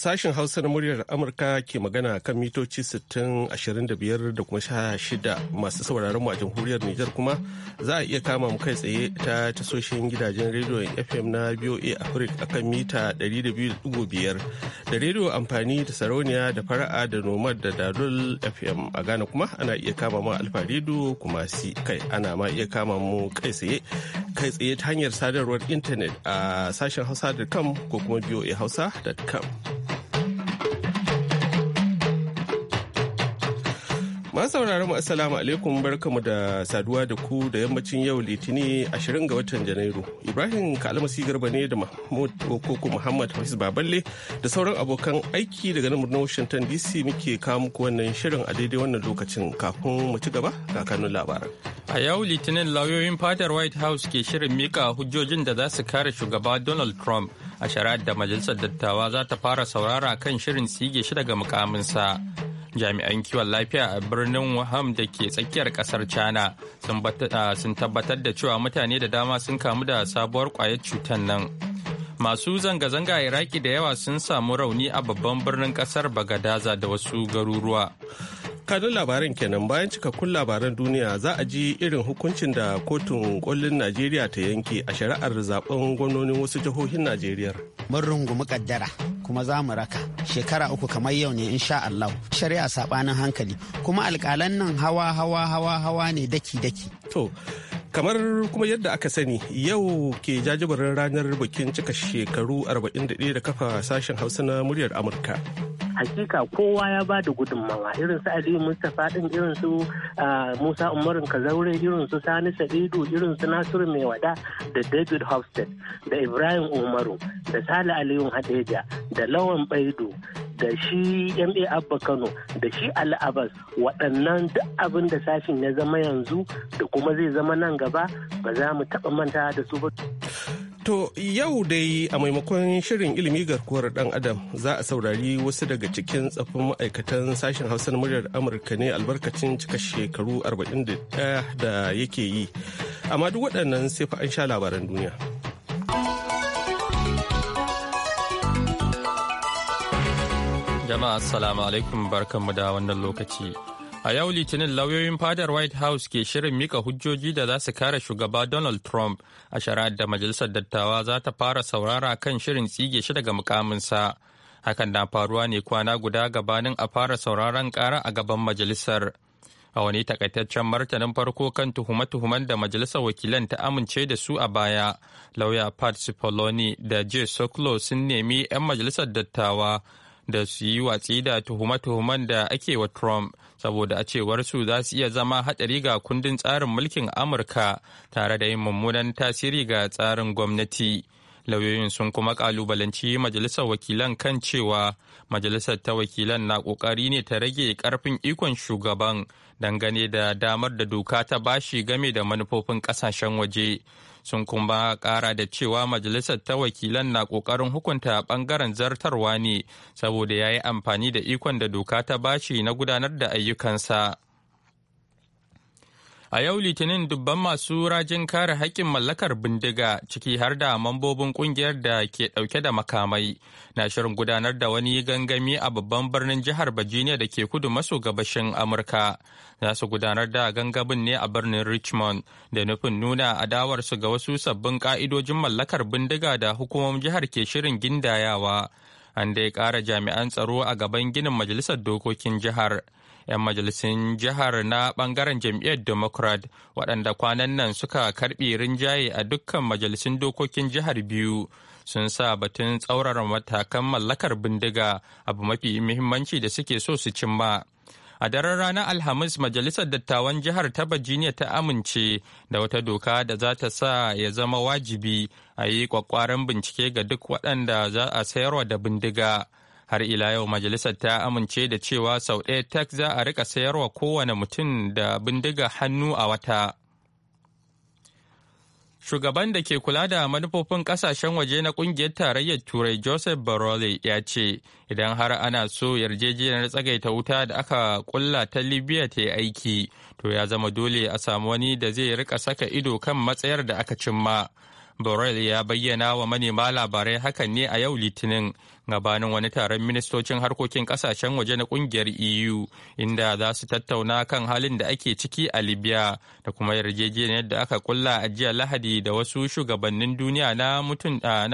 Sashen Hausa na muryar Amurka ke magana kan mitoci 6025 da kuma shida masu sauraron mu a jamhuriyar Nijar kuma za a iya kama mu kai tsaye ta tasoshin gidajen rediyon FM na BOA Africa a kan mita 200.5 da rediyo amfani da sarauniya da fara'a da nomad da dalol FM a Ghana kuma ana iya kama mu alfa kuma si kai ana ma iya kama mu kai tsaye kai tsaye ta hanyar sadarwar intanet a sashen hausa.com ko kuma boa hausa.com. sauraron mu assalamu alaikum barkamu da saduwa da ku da yammacin yau litini 20 ga watan janairu ibrahim kalmasi garba ne da mahmud koko muhammad hafiz baballe da sauran abokan aiki daga nan birnin washington dc muke kawo muku wannan shirin a daidai wannan lokacin kafin mu ci gaba kanun labaran a yau litinin lauyoyin fadar white house ke shirin mika hujjojin da za su kare shugaba donald trump a shari'ar da majalisar dattawa za ta fara saurara kan shirin tsige shi daga mukaminsa. sa jami'an kiwon lafiya a birnin waham da ke tsakiyar kasar china sun tabbatar da cewa mutane da dama sun kamu da sabuwar kwayar cutar nan masu zanga-zanga a iraki da yawa sun samu rauni a babban birnin kasar bagadaza da wasu garuruwa kanun labaran kenan bayan cikakkun labaran duniya za a ji irin hukuncin da kotun kolin najeriya ta yanke a shari'ar zaben gwamnonin wasu jihohin najeriya mun rungumi kaddara kuma za mu raka shekara uku kamar yau ne insha Allah shari'a sabanin hankali kuma alƙalan nan hawa hawa hawa hawa ne daki daki to kamar kuma yadda aka sani yau ke jajibarin ranar bikin cika shekaru 41 da kafa sashen hausa na muryar amurka hakika kowa ya ba da gudunmawa irin su aliyu mustapha din irin su musa umarin kazaure irin su sani sa'idu irin su nasiru mai wada da david hofstad da ibrahim umaru da sale aliyu hadeja da lawan baidu da shi ma abba kano da shi ali abbas waɗannan duk abin da sashin ya zama yanzu da kuma zai zama nan gaba ba za mu taɓa manta da su ba To yau dai a maimakon shirin ilimi garkuwar ɗan adam za a saurari wasu daga cikin tsafin ma'aikatan sashen hausar muryar Amurka ne albarkacin cika shekaru 41 da yake yi. Amma duk waɗannan sai fa an sha labaran duniya. Jama'a assalamu alaikum barkanmu da wannan lokaci. A yau Litinin lauyoyin fadar White House ke shirin mika hujjoji da za su kare shugaba Donald Trump a shari'ar da Majalisar Dattawa za ta fara saurara kan shirin tsige shi daga mukaminsa. Hakan na faruwa ne kwana guda gabanin a fara sauraron kara a gaban majalisar. A wani takaitaccen martanin farko kan tuhume-tuhumen da majalisar wakilan ta amince da su a baya, lauya Pat Cipollone da Jay soklo sun nemi 'yan majalisar dattawa da su yi watsi da tuhume-tuhumen da ake wa Trump saboda a cewar su za su iya zama haɗari ga kundin tsarin mulkin Amurka tare da yin mummunan tasiri ga tsarin gwamnati. Lauyoyin sun kuma kalubalanci majalisar wakilan kan cewa majalisar ta wakilan na ƙoƙari ne ta rage karfin ikon shugaban dangane da damar da doka ta bashi game da manufofin ƙasashen waje. sun kuma kara da cewa majalisar ta wakilan na kokarin hukunta bangaren zartarwa ne saboda ya yi amfani da ikon da doka ta bashi na gudanar da ayyukansa. A yau Litinin dubban masu rajin kare haƙƙin mallakar bindiga ciki har da mambobin ƙungiyar da ke ɗauke da makamai na shirin gudanar da wani gangami a babban birnin jihar Virginia da ke kudu maso gabashin Amurka. Za su gudanar da gangamin ne a birnin Richmond da nufin nuna adawarsu ga wasu sabbin ƙa'idojin mallakar bindiga da hukumomin jihar ke shirin gindayawa. An dai ƙara jami'an tsaro a gaban ginin majalisar dokokin jihar. 'yan majalisun jihar na bangaren jam'iyyar democrat waɗanda kwanan nan suka karɓi rinjaye a dukkan majalisun dokokin jihar biyu sun sa batun tsaurara matakan mallakar bindiga abu mafi muhimmanci da suke so su cimma. A daren ranar Alhamis, Majalisar Dattawan Jihar ta Virginia ta amince da wata doka da za ta sa ya zama wajibi a yi kwakwaran bincike ga duk waɗanda za a sayarwa da bindiga. har ila yau majalisar ta amince da cewa sau ɗaya tak za a rika sayarwa kowane mutum da bindiga hannu a wata shugaban da ke kula da manufofin kasashen waje na kungiyar tarayyar turai joseph barole ya ce idan har ana so yarjejeniyar tsagaita wuta da aka kulla ta libya ta yi aiki to ya zama dole a samu wani da zai rika saka ido kan matsayar da aka cimma Borrell ya bayyana wa manema labarai hakan ne a yau Litinin gabanin wani taron ministocin harkokin kasashen waje na kungiyar EU inda za su tattauna kan halin da ake ciki a Libya da kuma yarjejeniyar da aka kulla a jiya Lahadi da wasu shugabannin duniya na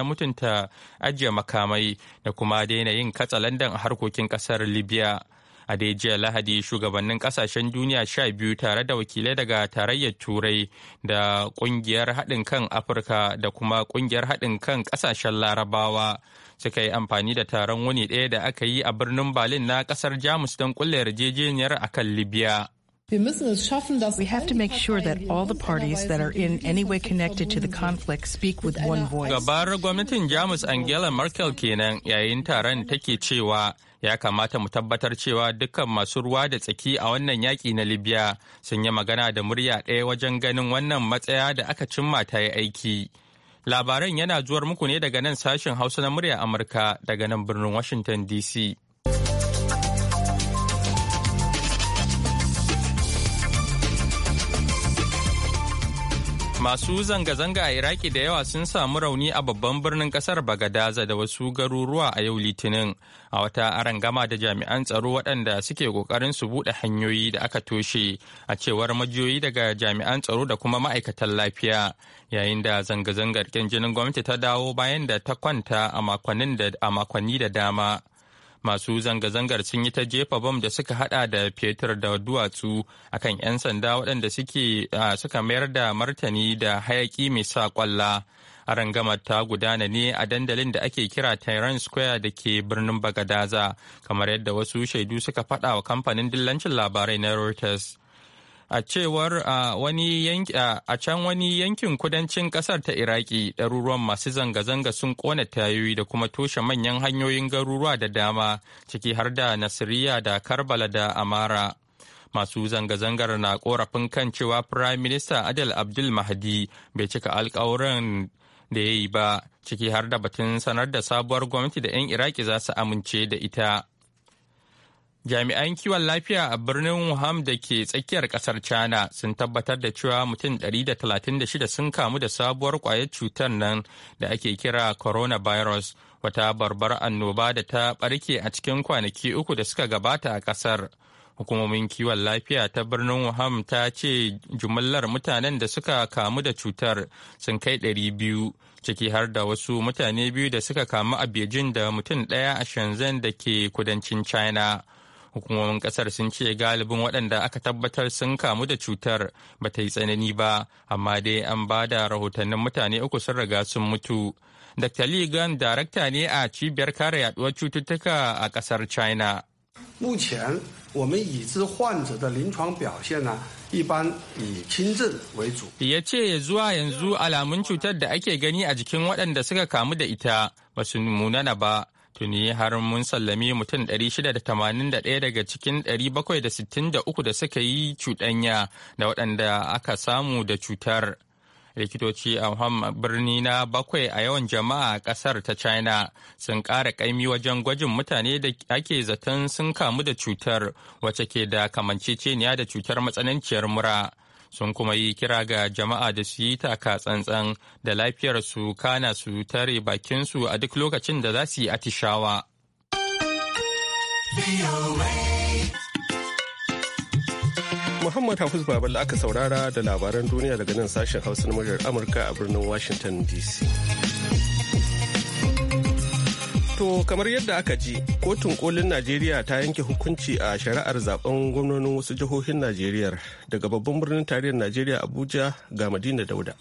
mutunta ajiye makamai da kuma daina yin katsalandan a harkokin kasar Libya. a dai jiya lahadi shugabannin kasashen duniya sha biyu tare da wakilai daga tarayyar turai da kungiyar haɗin kan afirka da kuma kungiyar haɗin kan kasashen larabawa suka yi amfani da taron wani ɗaya da aka yi a birnin berlin na ƙasar jamus don kulle yarjejeniyar akan libya We have to make sure that all the parties that are in any way connected to the conflict speak with one voice. Gabar gwamnatin Jamus Angela Merkel kenan yayin taron take cewa ya kamata mu tabbatar cewa dukkan masu ruwa da tsaki a wannan yaƙi na libya sun yi magana da murya ɗaya wajen ganin wannan matsaya da aka cimma ta yi aiki labaran yana zuwar muku ne daga nan sashen hausa na murya amurka daga nan birnin washington dc Masu zanga-zanga a Iraki da yawa sun samu rauni a babban birnin kasar Bagadaza da wasu garuruwa a yau Litinin a wata arangama da jami'an tsaro waɗanda suke ƙoƙarin su buɗe hanyoyi da aka toshe a cewar majiyoyi daga jami'an tsaro da kuma ma'aikatan lafiya yayin da zanga-zangar jinin gwamnati ta dawo bayan da ta kwanta a makonni da dama. masu zanga-zangar sun yi ta jefa bom da suka hada da fetur da duwatsu akan 'yan sanda waɗanda suka mayar da martani da hayaki mai sa kwalla a rangamar ta gudana ne a dandalin da ake kira Tehran Square da ke birnin Bagadaza, kamar yadda wasu shaidu suka faɗa wa kamfanin dillancin labarai na Reuters. a cewar a can wani yankin kudancin kasar ta iraki ɗaruruwan masu zanga-zanga sun kona tayoyi da kuma toshe manyan hanyoyin garuruwa da dama ciki har da nasiriya da karbala da amara masu zanga-zangar na korafin kan cewa prime minister adel abdul mahdi bai cika alkawuran da ya yi ba ciki har da batun sanar da sabuwar gwamnati da 'yan iraki za su amince da ita jami'an kiwon lafiya a birnin wuhan da ke tsakiyar kasar china sun tabbatar da cewa mutum 136 sun kamu da sabuwar kwayar cutar nan da ake kira coronavirus wata barbar annoba da ta barke a cikin kwanaki uku da suka gabata a kasar hukumomin kiwon lafiya ta birnin wuhan ta ce jumlar mutanen da suka kamu da cutar sun kai biyu ciki har da wasu mutane biyu da suka kamu a beijing da mutum ɗaya a shenzhen da ke kudancin china hukumomin kasar sun ce galibin waɗanda aka tabbatar sun kamu da cutar ba ta yi tsanani ba amma dai an ba da rahotannin mutane uku sun riga sun mutu dr ligan darakta ne a cibiyar kare yaduwar cututtuka a kasar china Ya ce zuwa yanzu alamun cutar da ake gani a jikin waɗanda suka kamu da ita ba su munana ba tuni har mun sallami mutum 681 daga cikin 763 da suka yi cuɗanya da waɗanda aka samu da cutar likitoci a birni na bakwai a yawan jama'a ƙasar ta china sun ƙara ƙaimi wajen gwajin mutane da ake zaton sun kamu da cutar wacce ke da kamanceceniya da cutar matsananciyar mura. sun kuma yi kira ga jama'a da su yi taka tsantsan da lafiyar su kana su tare bakinsu a duk lokacin da za su yi atishawa. Muhammad Hafiz Babal aka saurara da labaran duniya daga nan sashen Hausa na muryar Amurka a birnin Washington DC. To kamar yadda aka ji, kotun kolin Najeriya ta yanke hukunci a shari'ar zaben gwamnonin wasu jihohin Najeriya daga babban birnin tarihin Najeriya Abuja ga Madina Dauda.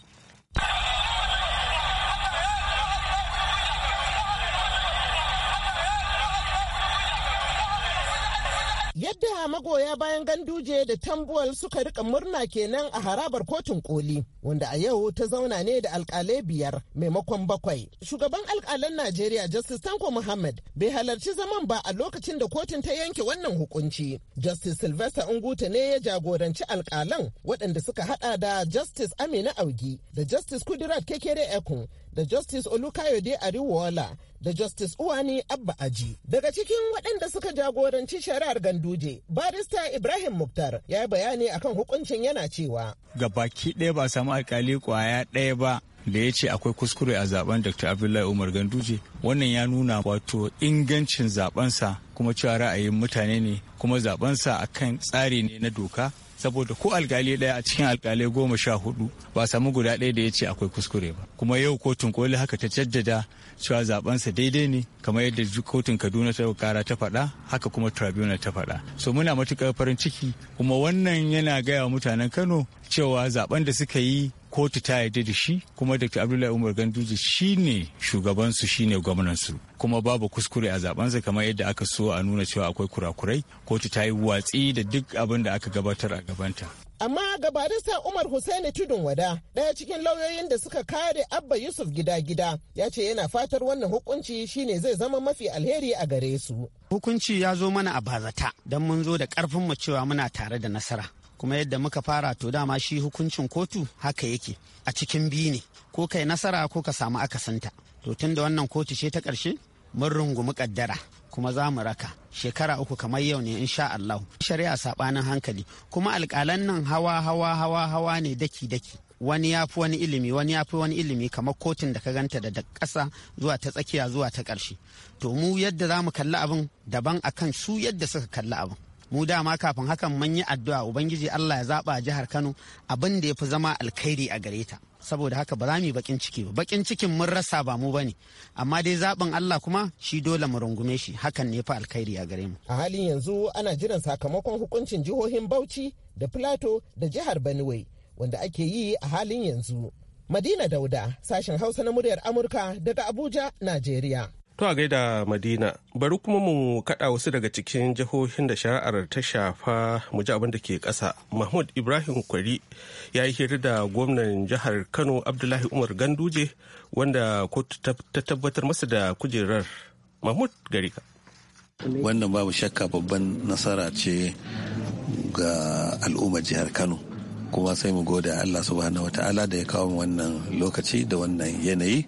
goya bayan ganduje da tambuwal suka rika murna kenan a harabar kotun koli wanda a yau ta zauna ne da alkalai biyar maimakon bakwai shugaban alkalan najeriya justice tanko muhammad bai halarci zaman ba a lokacin da kotun ta yanke wannan hukunci justice sylvester unguta ne ya jagoranci alkalan waɗanda suka hada da justice amina augi da justice kudirat kekere ekun da Justice Olukayode ariwola da Justice Uwani Abba Aji. Daga cikin waɗanda suka jagoranci shari'ar Ganduje, barista Ibrahim Muktar ya yi bayani akan hukuncin yana cewa. Ga baki ɗaya ba samu alkali kwaya ɗaya ba da ya ce akwai kuskure a zaben Dr. Abdullahi Umar Ganduje. Wannan ya nuna wato ingancin zabensa kuma cewa ra'ayin mutane ne kuma zabensa akan tsari ne na doka saboda ko alkali ɗaya a cikin alkalai goma sha hudu ba samu guda ɗaya da ya ce akwai kuskure ba kuma yau kotun koli haka ta jaddada cewa zabensa daidai ne kamar yadda kotun kaduna ta kara ta faɗa haka kuma tribunal ta faɗa so muna matuƙar farin ciki kuma wannan yana gaya wa mutanen kano cewa zaben da suka yi kotu ta yarda da shi kuma dr abdullahi umar ganduje ne shugabansu shi ne gwamnansu kuma babu kuskure a zabansa kamar yadda aka so a nuna cewa akwai kurakurai kotu ta yi watsi da duk abin da aka gabatar a gabanta amma ga umar hussaini tudun wada daya cikin lauyoyin da suka kare abba yusuf gida gida ya ce yana fatar wannan hukunci shine zai zama mafi alheri a gare su hukunci ya zo mana a bazata don mun zo da karfin mu cewa muna tare da nasara kuma yadda muka fara to dama shi hukuncin kotu haka yake a cikin biyu ne ko kai nasara ko ka samu akasinta to tun da wannan kotu ce ta ƙarshe mun rungumi kaddara kuma za mu raka shekara uku kamar yau ne insha Allah shari'a sabanin hankali kuma alƙalan nan hawa hawa hawa hawa ne daki daki wani ya fi wani ilimi wani ya fi wani ilimi kamar kotun da ka ganta da ƙasa zuwa ta tsakiya zuwa ta ƙarshe to mu yadda za mu kalli abin daban akan su yadda suka kalli abin mu dama kafin hakan mun yi addu'a ubangiji Allah ya zaba jihar Kano abin da ya fi zama alkhairi a gare ta saboda haka ba za mu yi bakin ciki ba bakin cikin mun rasa ba mu bane amma dai zaben Allah kuma shi dole mu rungume shi hakan ne fa alkhairi a gare mu a halin yanzu ana jiran sakamakon hukuncin jihohin Bauchi da Plateau da jihar Benue wanda ake yi a halin yanzu Madina Dauda sashen Hausa na muryar Amurka daga Abuja Najeriya To a gaida Madina, bari kuma mu kaɗa wasu daga cikin jihohin da shari'ar ta shafa mu abin da ke ƙasa. Mahmud Ibrahim Kwari ya yi hira da gwamnan jihar Kano Abdullahi Umar Ganduje wanda kotu ta tabbatar masa da kujerar. Mahmud Garika. Wannan babu shakka babban nasara ce ga al'ummar jihar Kano. Kuma sai mu gode Allah subhanahu wa ta'ala da ya kawo wannan lokaci da wannan yanayi.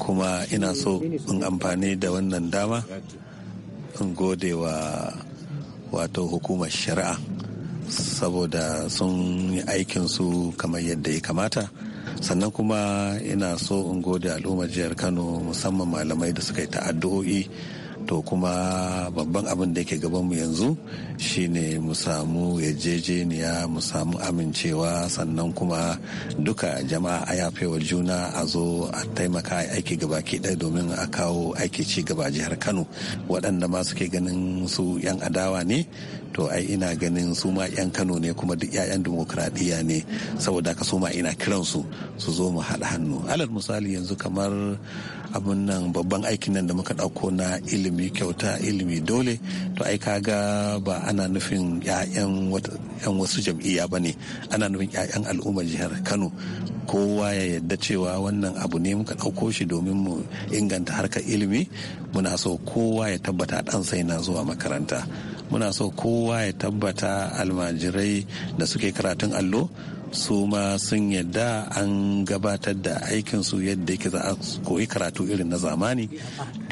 kuma ina so in amfani da wannan dama in gode wa wato hukumar shari'a saboda sun yi aikinsu kamar yadda ya kamata sannan kuma ina so in gode al'ummar jihar kano musamman malamai da suka yi ta'addu'o'i to kuma babban abin da yake gabanmu yanzu shine mu samu yarjejeniya mu samu amincewa sannan kuma duka jama'a a fi juna a zo a taimaka a aiki ke ɗaya domin a kawo aiki ci gaba jihar kano waɗanda ma suke ganin su 'yan adawa ne to ai ina ganin su ma 'yan kano ne kuma duk 'ya'yan demokradiyya ne saboda ka suma ina kiran su su zo mu haɗa hannu alal misali yanzu kamar abin nan babban aikin nan da muka ɗauko na ilimi kyauta ilimi dole to ai ga ba ana nufin 'ya'yan wasu jam'iyya ba ne ana nufin 'ya'yan al'ummar jihar kano kowa ya yadda cewa wannan abu ne muka ɗauko shi domin mu inganta harkar ilimi muna so kowa ya tabbata ɗan sai na zuwa makaranta muna so kowa ya tabbata almajirai da suke karatun allo su ma sun yadda an gabatar da aikinsu yadda yake za a koyi karatu irin na zamani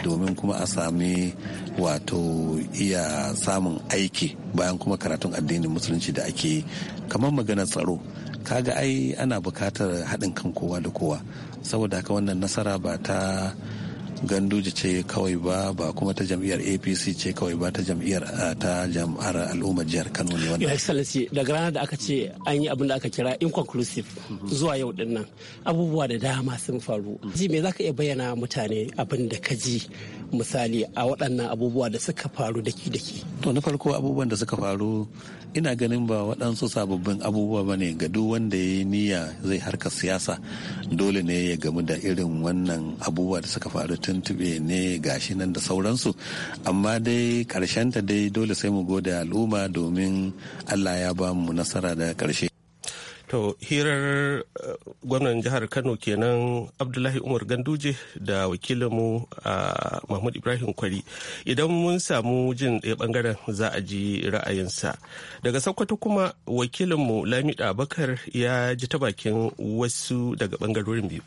domin kuma a sami wato iya samun aiki bayan kuma karatun addinin musulunci da ake kamar magana tsaro kaga ai ana bukatar haɗin kan kowa da kowa saboda haka wannan nasara ba ta ganduje ce kawai ba ba kuma ta jam'iyyar apc ce kawai ba ta jam'iyyar ta jam'ar al'ummar jihar kano ne wannan excellency daga ranar da aka ce an yi abin da aka kira inconclusive zuwa yau dinnan abubuwa da dama sun faru ji me zaka iya bayyana mutane abin da ka ji misali a waɗannan abubuwa da suka faru da daki-daki. To na farko abubuwan da suka faru ina ganin ba waɗansu sababbin abubuwa ba ne ga duk wanda ya yi niyya zai harka siyasa dole ne ya gamu da irin wannan abubuwa da suka faru tuntube ne gashi nan da sauransu amma dai ta dai dole sai mu gode al'umma domin Allah ya ba mu nasara da ƙarshe. To hirar eh, gwamnan jihar Kano kenan Abdullahi Umar Ganduje da wakilinmu a ah, Mahmud Ibrahim Kwari. Idan mun samu jin ɗaya ɓangaren za a ji ra'ayinsa. Daga Sokoto kuma wakilinmu Lamida Bakar ya ji ta bakin wasu daga ɓangarorin biyu.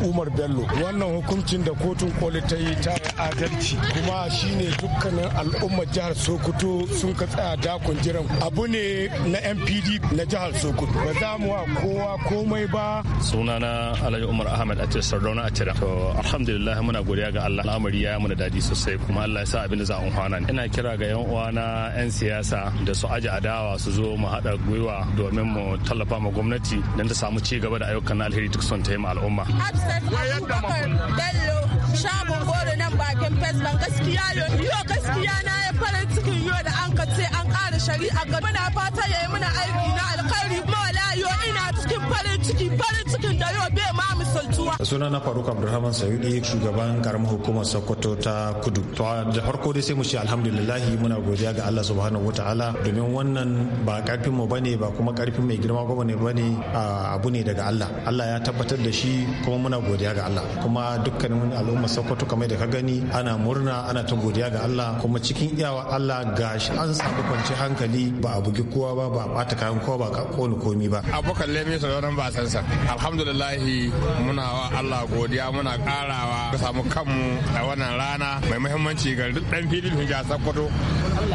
umar bello wannan hukuncin da kotun koli ta yi ta adalci kuma shine dukkanin al'ummar jihar sokoto sun ka tsaya dakon jiran abu ne na npd na jihar sokoto ba za mu wa kowa komai ba sunana alhaji umar ahmed a cikin sardauna a tira to alhamdulillah muna godiya ga allah al'amari ya muna dadi sosai kuma allah ya sa abin da za a umfana ina kira ga yan uwana yan siyasa da su aji adawa su zo mu haɗa gwiwa domin mu tallafa ma gwamnati don ta samu ci gaba da ayyukan alheri duk son ta yi ma al'umma Fesfes Abubakar Bello shagon goro nan bakin Fesfes gaskiya yo gaskiya na ya farin cikin yo da an ka ce an ƙara shari'a ga muna fata yi muna aiki na alkhairi Mawala wala ina cikin farin ciki farin suna na faruk abdulrahman sayudi shugaban karamar hukumar sokoto ta kudu to da farko dai sai mu ce alhamdulillahi muna godiya ga allah subhanahu wataala domin wannan ba karfin mu bane ba kuma karfin mai girma ne bane abu ne daga allah allah ya tabbatar da shi kuma muna godiya ga allah kuma dukkanin al'ummar sokoto kamar da ka gani ana murna ana ta godiya ga allah kuma cikin iyawa allah gashi an samu kwanci hankali ba a bugi kowa ba ba a bata kayan kowa ba ka koni komi ba abokan lemi sauran ba san sa alhamdulillahi muna wa Allah godiya muna karawa ka samu kanmu a wannan rana mai muhimmanci ga duk dan filin hujja Sokoto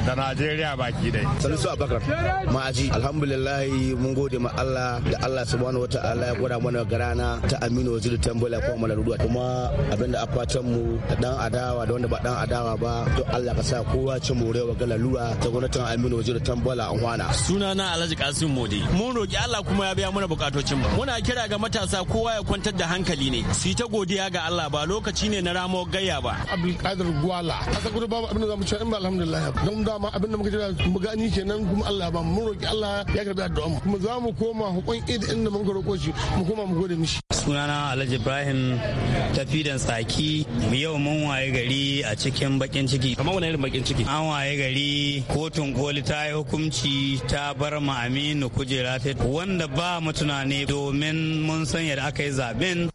da Najeriya baki dai. Salisu Abubakar ma'aji alhamdulillah mun gode ma Allah da Allah subhanahu wataala ya gwada mana garana ta Aminu Waziri Tambola ko Malaruwa kuma abinda akwatan mu da dan adawa da wanda ba dan adawa ba to Allah ka sa kowa ci morewa ga lalura ta gwamnatin Aminu Wazir Tambola an hwana. Sunana Alhaji Kasim Modi mun roki Allah kuma ya biya mana bukatocin mu. Muna kira ga matasa kowa ya kwantar da hankali ne su ta godiya ga Allah ba lokaci ne na ramo gayya ba Abdulkadir Gwala a da babu abin da zamu ce in ba alhamdulillah don ma abin da muka ji mu gani kenan kuma Allah ba mun roki Allah ya karbi addu'a mu kuma zamu koma hukun id da mun roko shi mu koma mu gode mishi sunana Alhaji Ibrahim tafidan saki tsaki yau mun waye gari a cikin bakin ciki kamar wani irin bakin ciki an waye gari kotun koli ta yi hukunci ta bar mu Aminu kujera ta wanda ba mu tunani domin mun san yadda aka yi zaben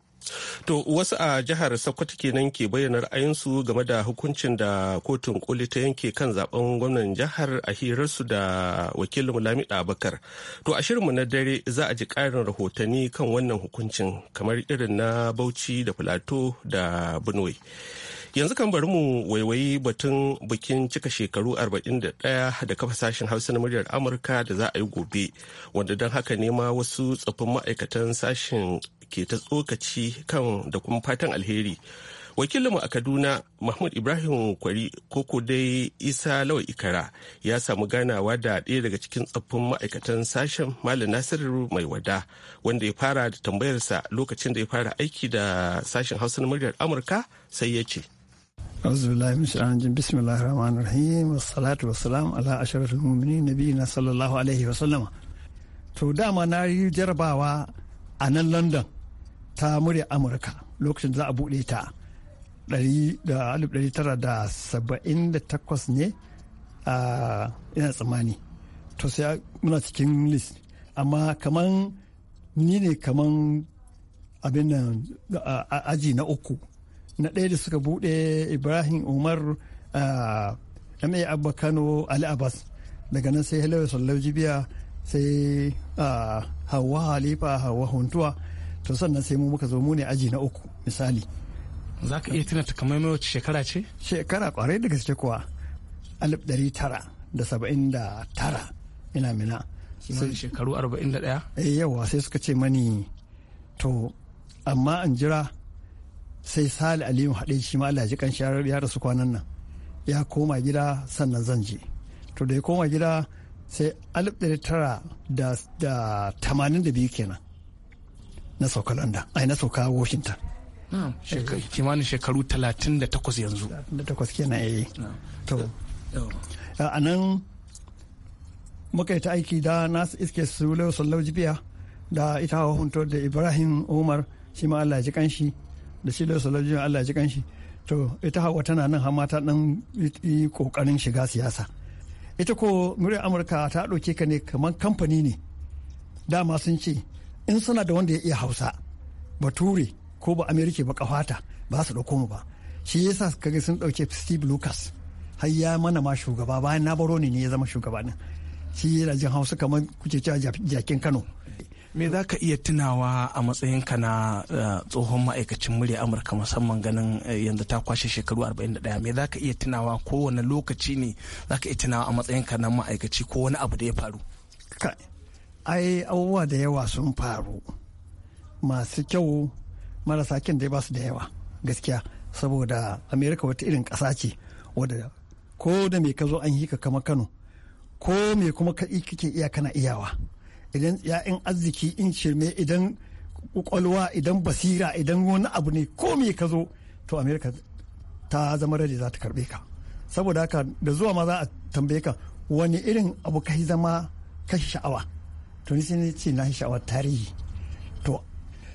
To wasu a jihar Sokoto kenan ke bayyana ra'ayinsu game da hukuncin da kotun koli ta yanke kan zaben gwamnan jihar a hirarsu da wakilin Lami Abakar. To a shirinmu na dare za a ji ƙarin rahotanni kan wannan hukuncin kamar irin na Bauchi da Filato da Benue. Yanzu kan bari mu waiwayi batun bikin cika shekaru 41 da kafa sashen Hausa na muryar Amurka da za a yi gobe, wanda don haka nema wasu tsoffin ma'aikatan sashen ke ta tsokaci kan da kuma fatan alheri wakilinmu a kaduna mahmud ibrahim kwari koko dai isa lawa ikara ya samu ganawa da ɗaya daga cikin tsaffin ma'aikatan sashen malam nasiru mai wada wanda ya fara da tambayarsa lokacin da ya fara aiki da sashen hausa na muryar amurka sai ya ce auzubillahi min rahim wassalam ala na sallallahu alaihi wa to dama na yi jarabawa a nan london ta murya amurka lokacin za a buɗe ta 1978 ne a ina tsammani to sai muna cikin list amma kaman ni ne kaman abin nan aji na uku na ɗaya da suka buɗe ibrahim umar ma abba kano ali abbas daga nan sai halayya sallau jibiya sai hawa halifa hawa huntuwa to sannan sai mu muka zo mu ne aji na uku misali za ka iya tuna mai wacce shekara ce shekara kwarai da gaske kuwa alif dari tara da saba'in da tara ina mina Sai shekaru arba'in da ɗaya eh yawa sai suka ce mani to amma an jira sai sali aliyu haɗe shi ma alhaji kan ya rasu kwanan nan ya koma gida sannan zan je to da ya koma gida sai alif dari tara da tamanin da biyu kenan na sauka london ai na sauka washington eh, kimanin shekaru 38 yanzu 38 kenan eh to a nan muka yi ta aiki da nasu iske su lau sallau jibiya da ita hawa hunto da ibrahim umar shi ma allah ji kanshi da shi lau sallau jibiya allah ji kanshi to ita hawa tana nan hama ta dan yi kokarin shiga siyasa ita ko muryar amurka ta dauke ka ne kamar kamfani ne dama sun ce in suna da wanda ya iya hausa bature ko ba amerika ba kafata ba su dauko mu ba shi yasa kage sun dauke steve lucas har ya mana ma shugaba bayan na baro ne ya zama shugaba ne shi yana jin hausa kamar kuke cewa jakin kano me za ka iya tunawa a matsayinka na eh, tsohon ma'aikacin murya amurka musamman ganin eh, yanzu ta kwashe shekaru 41 me za ka iya tunawa kowane lokaci ne za ka iya tunawa a matsayinka na ma'aikaci ko wani abu da ya faru ai abubuwa da yawa sun faru masu kyau marasa kyan dai ba su da yawa gaskiya saboda amerika wata irin ƙasa ce wadda ko da me ka zo an yi ka kama kano ko me kuma ka kike iya kana iyawa idan ya'yan arziki in shirme idan kwakwalwa idan basira idan wani abu ne ko mai ka zo to amerika ta zama rade za ta karbe ka saboda haka da zuwa ma za a tambaye ka wani irin abu ka zama kashi sha'awa to ni sai ce na sha'awar tarihi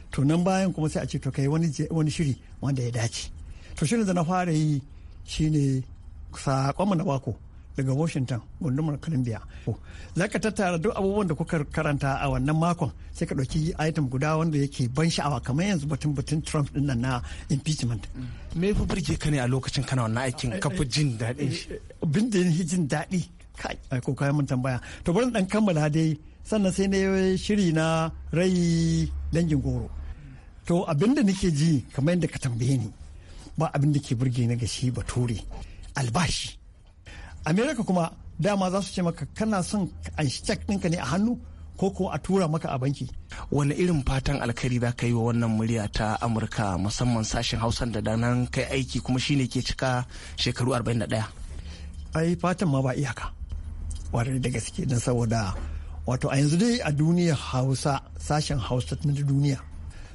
to nan bayan kuma sai a ce to kai wani wani shiri wanda ya dace to shirin da na fara yi shine sakonmu na bako daga washington gundumar columbia za ka tattara duk abubuwan da kuka karanta a wannan makon sai ka ɗauki item guda wanda yake ban sha'awa kamar yanzu batun batun trump din na impeachment mm. me fi birge ka ne a lokacin kana wannan aikin ka jin daɗi bin da jin daɗi kai ko kayan mun tambaya to bari dan kammala dai sannan sai na shiri na rai dangin goro to abinda da nake ji kamar yadda ka tambaye ni ba abin da ke burge na gashi bature albashi america kuma dama za su ce maka kana son anshi cek ɗinka ne a hannu ko ko a tura maka a banki wani irin fatan alkhairi za ka yi wa wannan murya ta amurka musamman sashen hausan da danan kai aiki kuma shine ke cika shekaru 41 ai fatan ma ba iyaka wadda da gaske don saboda wato a yanzu dai a duniya hausa sashen hausa na duniya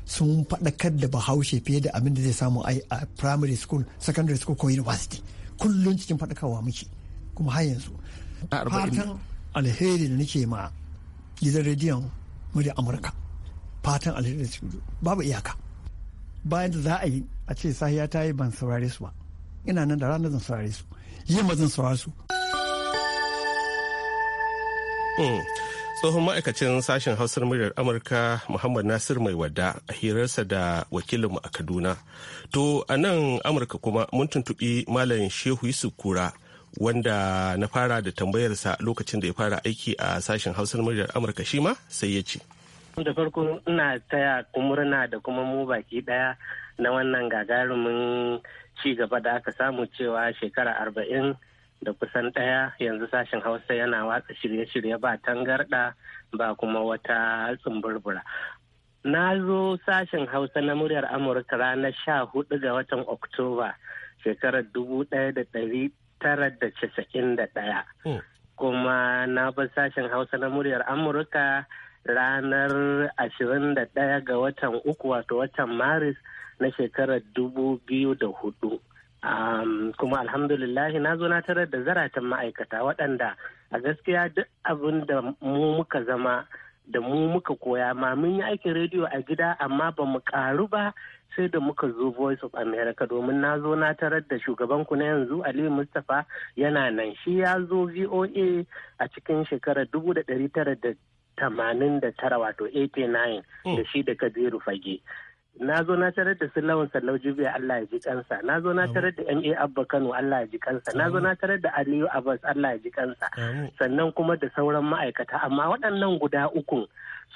sun faɗakar da bahaushe fiye da abin da zai samu a primary school secondary school ko university kullum cikin faɗakarwa muke kuma har yanzu fatan alheri da nake ma gidan rediyon muri amurka fatan alheri da babu iyaka bayan da za a yi a ce sahiya ta yi ban saurare su ba ina nan da ranar zan saurare su yi zan saurare su oh. tsohon ma'aikacin sashen hausar muryar amurka muhammad nasir mai wadda a hirarsa da wakilinmu a kaduna to a nan amurka kuma mun tuntuɓi malam shehu yusuf kura wanda na fara da tambayarsa lokacin da ya fara aiki a sashen hausar muryar amurka shi ma sai ya ce da farko ina taya murna da kuma mu baki daya na wannan gagarumin ci gaba da aka samu cewa shekara arba'in da kusan ɗaya yanzu sashen hausa yana watsa shirye-shirye ba tangarɗa ba kuma wata tsumburbura na zo sashen hausa na muryar amurka ranar sha hudu ga watan oktoba shekarar dubu ɗaya da ɗari tara da casa'in da ɗaya hmm. kuma na bar sashen hausa na muryar amurka ranar ashirin da ɗaya ga watan uku wato watan maris na shekarar dubu biyu da hudu Um, kuma alhamdulillahi na zo na tarar da zaratan ma'aikata waɗanda a gaskiya duk abin da mu muka zama da mu muka koya ma mun yi aikin rediyo a gida amma ba mu karu ba sai da muka zo voice of america domin na zo na tarar da shugaban ku na yanzu aliyu mustapha yana nan shi ya zo voa a cikin shekarar tara wato 89 da hmm. shi da kabiru fage na zo na tarar da Sulawan Sallau Jibiya Allah ya ji kansa na zo na tarar da MA Abba Kano Allah ya ji kansa na zo na tarar da Aliyu Abbas Allah ya ji kansa sannan kuma da sauran ma'aikata amma waɗannan guda uku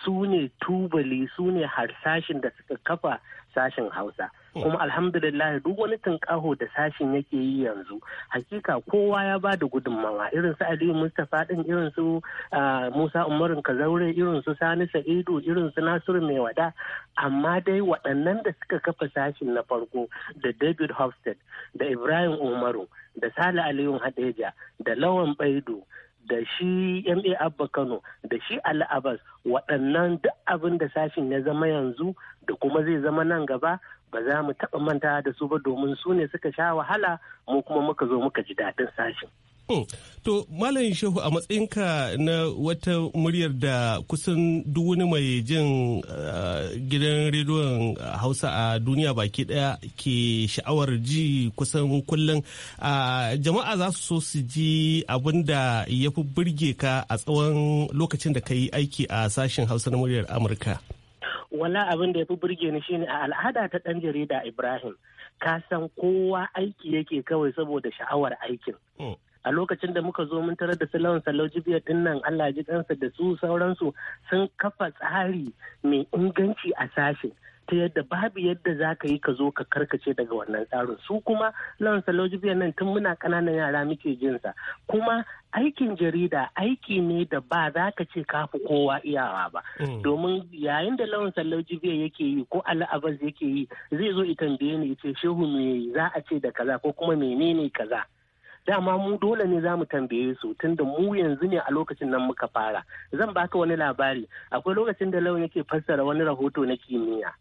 su ne tubali su ne harsashin da suka kafa sashin Hausa. kuma alhamdulillah duk wani tunkaho da sashin yake yi yanzu hakika kowa ya ba da gudunmawa irin su aliyu mustapha din irin su musa umarin kazaure irin su sani sa'idu irin su nasiru mai wada amma dai waɗannan da suka kafa sashin na farko da david hofstad da ibrahim umaru da sale aliyu hadeja da lawan baidu da shi ma abba kano da shi al'abas waɗannan duk abin da sashin ya zama yanzu da kuma zai zama nan gaba ba za mu taɓa manta da su ba domin su ne suka sha wahala mu kuma muka zo muka ji daɗin sashen. To Malam Shehu a matsayinka na wata muryar da kusan duk wani mai jin eh, gidan rediyon Hausa a duniya baki ɗaya ke sha'awar ji kusan kullum jama'a za su so su ji abin da ya fi burge ka a tsawon lokacin da ka yi aiki a sashen Hausa na muryar Amurka. wala abin da ya fi burge ni shine a al'ada ta ɗan jarida Ibrahim ka san kowa aiki yake kawai saboda sha'awar aikin. Hmm. A lokacin da muka zo mun tarar da Salawan Salau biyar din nan Allah ji kansa da su sauransu sun kafa tsari mai inganci a sashe ta yadda babu yadda za ka yi ka zo ka karkace daga wannan tsarin su kuma lansa salojibiya nan tun muna ƙananan yara muke jinsa kuma aikin jarida aiki ne da ba za ka ce kafi kowa iyawa ba mm. domin yayin da lawan salojibiya biya yake yi ko al'abaz yake yi zai zo biye ne ce shehu me za a ce da kaza ko kuma menene kaza dama mu dole ne za mu tambaye su tunda mu yanzu ne a lokacin nan muka fara zan baka wani labari akwai lokacin da lawan yake fassara wani rahoto na kimiyya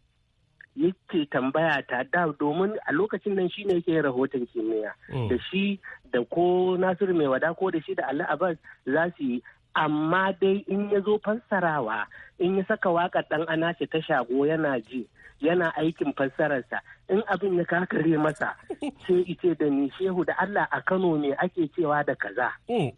yake tambaya ta da domin a lokacin nan shine yake rahoton kimiyya mm. da shi da ko nasiru mai wada ko da shi da ali abbas za su yi amma dai in ya zo fassarawa in ya saka wakar ɗan ana ce ta shago yana ji yana aikin fassararsa in abin ya kakare masa sai ice da ni shehu da allah a kano me ake cewa da kaza mm.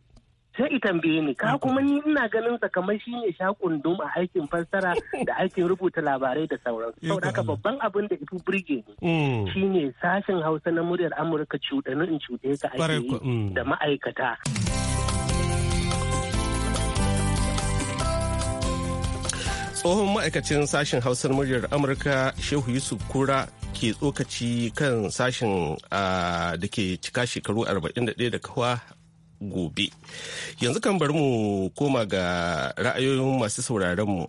sai i tambaye ni ka kuma ni ina ganin sa kamar shi ne shakun dum a aikin fassara da aikin rubuta labarai da sauran sau ka babban abin da ifi burge ni mm. shine sashin hausa na muryar amurka cuɗani in cuɗe ka aiki mm. da ma'aikata. tsohon ma'aikacin sashen hausar muryar amurka shehu yusuf kura ke tsokaci kan sashen ah, da ke cika shekaru 41 da kawa gobe. Yanzu kan bari mu koma ga ra'ayoyin masu sauraron mu.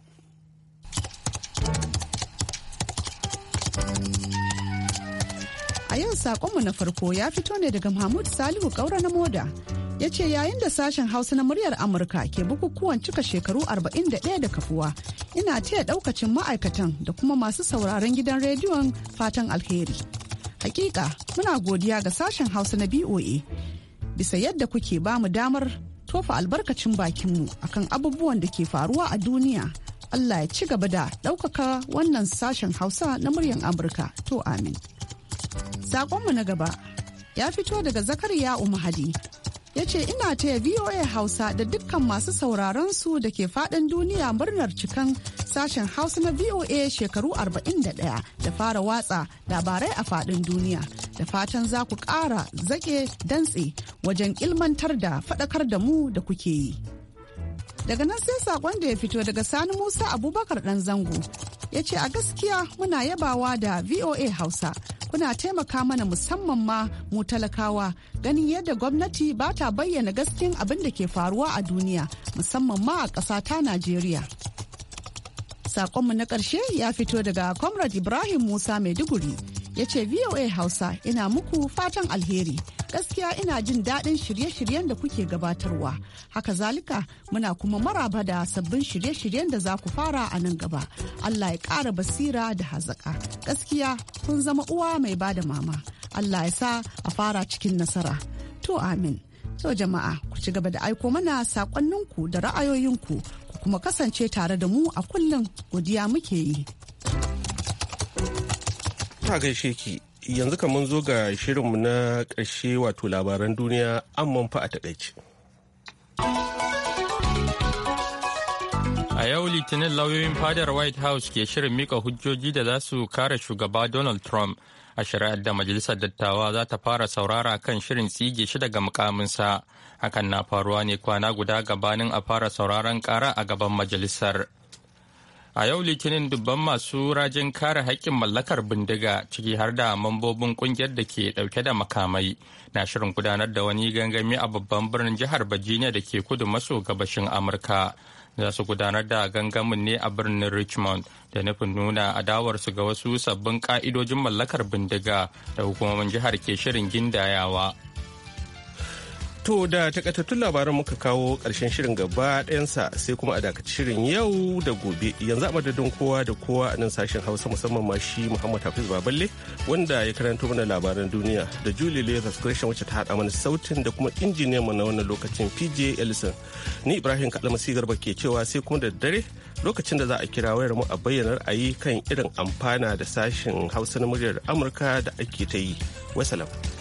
A yau saƙonmu na farko ya fito ne daga Mahmud Salihu ƙaura na Moda. ya ce yayin da sashen hausa na muryar amurka ke bukukuwan cika shekaru 41 da kafuwa ina taya ɗaukacin ma'aikatan da kuma masu sauraron gidan rediyon fatan alheri hakika muna godiya ga sashen hausa na boa bisa yadda kuke ba mu damar tofa albarkacin bakinmu akan abubuwan da ke faruwa a duniya. Allah ya ci gaba da ɗaukaka wannan sashen Hausa na muryar Amurka to amin. Saƙonmu na gaba ya fito daga Zakariya Umahadi ya ce ina taya VOA Hausa da dukkan masu sauraron su da ke faɗin duniya murnar cikan sashen Hausa na VOA shekaru 41 da fara watsa labarai a faɗin duniya. Da fatan za ku ƙara zake dantse wajen ilmantar da faɗakar da mu da kuke yi. Daga nan sai saƙon da ya fito daga Sani Musa Abubakar ɗan zango ya ce a gaskiya muna yabawa da VOA Hausa. kuna taimaka mana musamman ma mu talakawa ganin yadda gwamnati ba ta bayyana gaskiyan abin da ke faruwa a duniya musamman ma a ƙasa ta Najeriya. Sakonmu na ƙarshe ya fito daga Comrade Ibrahim Musa Maiduguri ya ce VOA Hausa ina muku fatan alheri. gaskiya ina jin daɗin shirye-shiryen da kuke gabatarwa haka zalika muna kuma maraba da sabbin shirye-shiryen da za ku fara a nan gaba allah ya ƙara basira da hazaka gaskiya kun zama uwa mai ba da mama allah ya sa a fara cikin nasara to amin to jama'a ku ci gaba da aiko mana saƙonninku da ra'ayoyinku ku kuma kasance tare da mu a kullum godiya muke yi. Ta gaishe ki yanzu ka zo ga shirinmu na ƙarshe wato labaran duniya amman fa a takaice. A yau Litinin lauyoyin fadar White House ke shirin mika hujjoji da za su kare shugaba Donald Trump a shari'ar da Majalisar Dattawa za ta fara saurara kan shirin tsige shi daga mukaminsa. Hakan na faruwa ne kwana guda gabanin a fara sauraron kara a gaban majalisar. A yau Litinin dubban masu rajin kare haƙƙin mallakar bindiga ciki har da mambobin ƙungiyar da ke ɗauke da makamai na shirin gudanar da wani gangami a babban birnin jihar Virginia da ke kudu maso gabashin Amurka. Za su gudanar da gangamin ne a birnin Richmond da nufin nuna adawarsu ga wasu sabbin ƙa'idojin mallakar bindiga da hukumomin jihar ke shirin gindayawa. To da takaitattun labaran muka kawo karshen shirin gaba ɗayansa sai kuma a dakaci shirin yau da gobe yanzu a madadin kowa da kowa a nan sashen hausa musamman ma shi Muhammad Hafiz Baballe wanda ya karanto mana labaran duniya da Julie Leather Creation wacce ta haɗa mana sautin da kuma injiniyan mu na wannan lokacin PJ Ellison. Ni Ibrahim Kalamasi Garba ke cewa sai kuma da dare lokacin da za a kira wayar mu a bayyanar a yi kan irin amfana da sashen hausa na muryar Amurka da ake ta yi. Wasalam.